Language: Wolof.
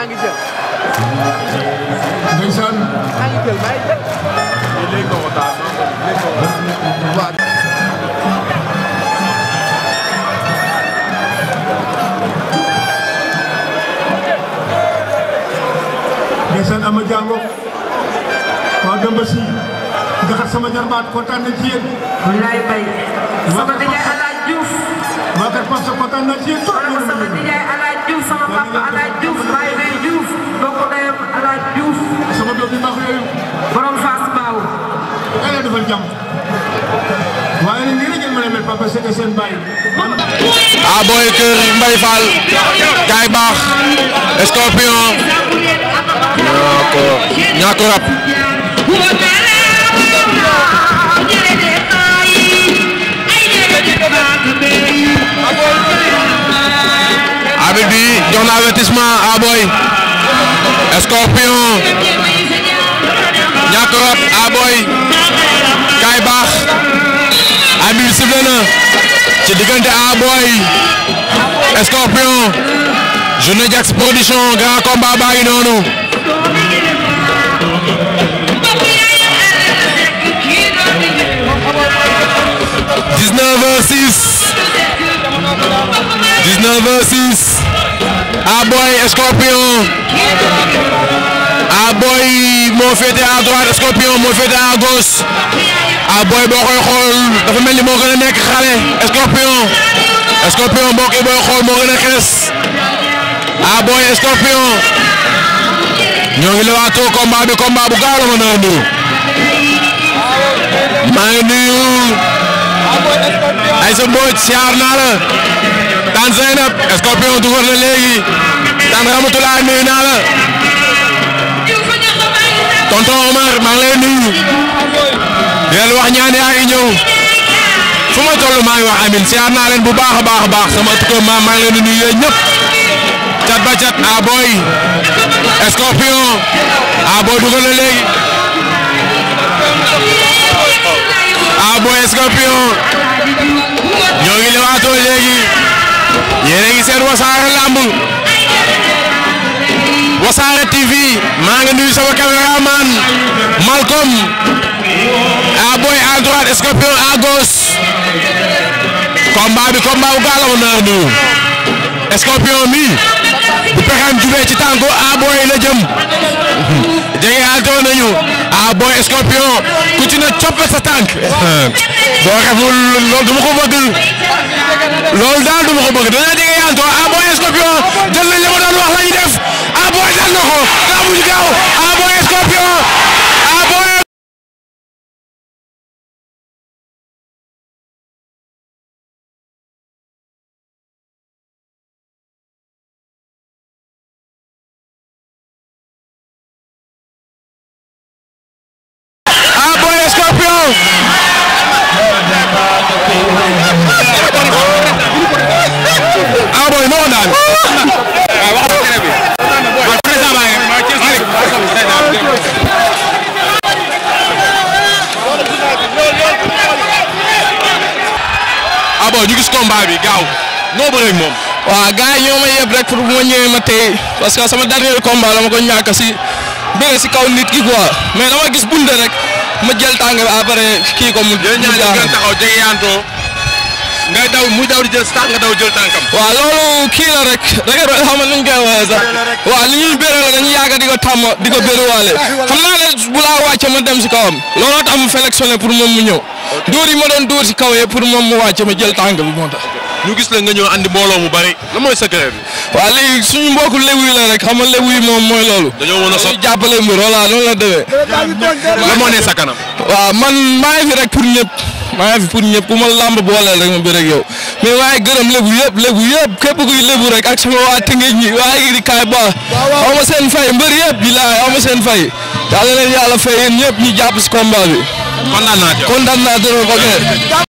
maa ngi jël. ndeysaan. maa ngi jël maa ngi jël. léegi ko waxtaan léegi ko waxtaan. ndeysaan Ama Diango waa Demba Sy jaxat sama jarbaat kontaan na ci yéen. wallaay bay. sama nijaay Alaaji Diouf. waa kër Pape Sa kontaan na ci yéen. waaye nag yéen Fall. kaay Scorpion. ñoo ko ñoo ko rab. Scorpion. ñoo ko ci diggante A Boy Scorpion journée Diaks production grand combat ngi noonu dix-neuf heures Scorpion moo féete à droite Scorpion moo féete à gauche ah boo koy xool dafa mel ni moo gën nekk xale Scorpion Scorpion mbokk yi booy xool moo gën a xees ah Scorpion ñoo ngi lewaatoo combat bi combat bu gaaw la ma nar a nuru maa ngi nuyu Aïssa Mbodj siyaar naa la Tane Zeynab Scorpion dugal na léegi Tane Ramatoulaye nuyu tonton Omar maa ngi lay nuyu yéen wax ñaan yaa ma toll maa amin siyaar naa leen bu baax a baax a baax sama tukkee maa maa ngi leen di nuyu cat ba cat a boy scorpion a boy dugal na léegi a boy scorpion ñoo ngi lewaatoo léegi yéen a ngi seen wasaare lamb wasaare maa ngi nuyu sama caméraman Malcolm ah boy à Scorpion à gauche bi combat bu gaaw la ma nu Scorpion mi bu pexeem jubee ci tànku ah boy la jege àndoon nañu ah boy Scorpion ku ci ne coppe sa tànk boo xeful loolu du du ma ko bëgg dana jege àndoon ah Scorpion jël nañ la ma wax lañu ñu gaaw ah Boy Scorpion ah Boy ah Boy no daan Papa Boy ñu gis combat bi gaaw noo bëree moom. waaw gars yi ma yeb rek pour bu ma ñëwee ma tey parce que sama dernier combat la ma ko ñàkk si bëre si kaw nit ki quoi mais dama gis bunde rek ma jël tàng bi après kii ko mu. mu jaaxal yéen ñaar taxaw ngay daw muy daw di loolu kii la rek da nga doon xam ne nuñ koy waxee sax waaw li ñuy béré la dañuy di ko tàmm di ko béruwaale xam naa ne bu laa wàcce ma dem si kawam looloo tax mu sélectionné pour moom mu ñëw dóor yi ma doon dóor si kaw yee pour moom mu wàcce ma jël tànk bi moo tax. ñu gis la nga ñëw andi mbooloo mu bari la mooy secret bi. waaw léegi suñu mbokku lébu yi la rek xam nga lébu moom mooy loolu. dañoo mën a sot dañuy jàppale mbir voilà la demee. la moo ne sa kanam. waaw man maa ngi fi rek pour ñëpp maa ngi fi pour ñëpp ku ma lamb booleel rek ma bëre ak yow mais waaye gërëm lébu yëpp lébu yëpp képp kuy lébu rek ak sama waa Tëngéej ñi waa Igri Kaay Ba aw seen fay mbër yëpp bilaay aw seen fay yàlla leen yàlla fay yéen ñëpp ñu jàpp si combat bi kontaan naa trop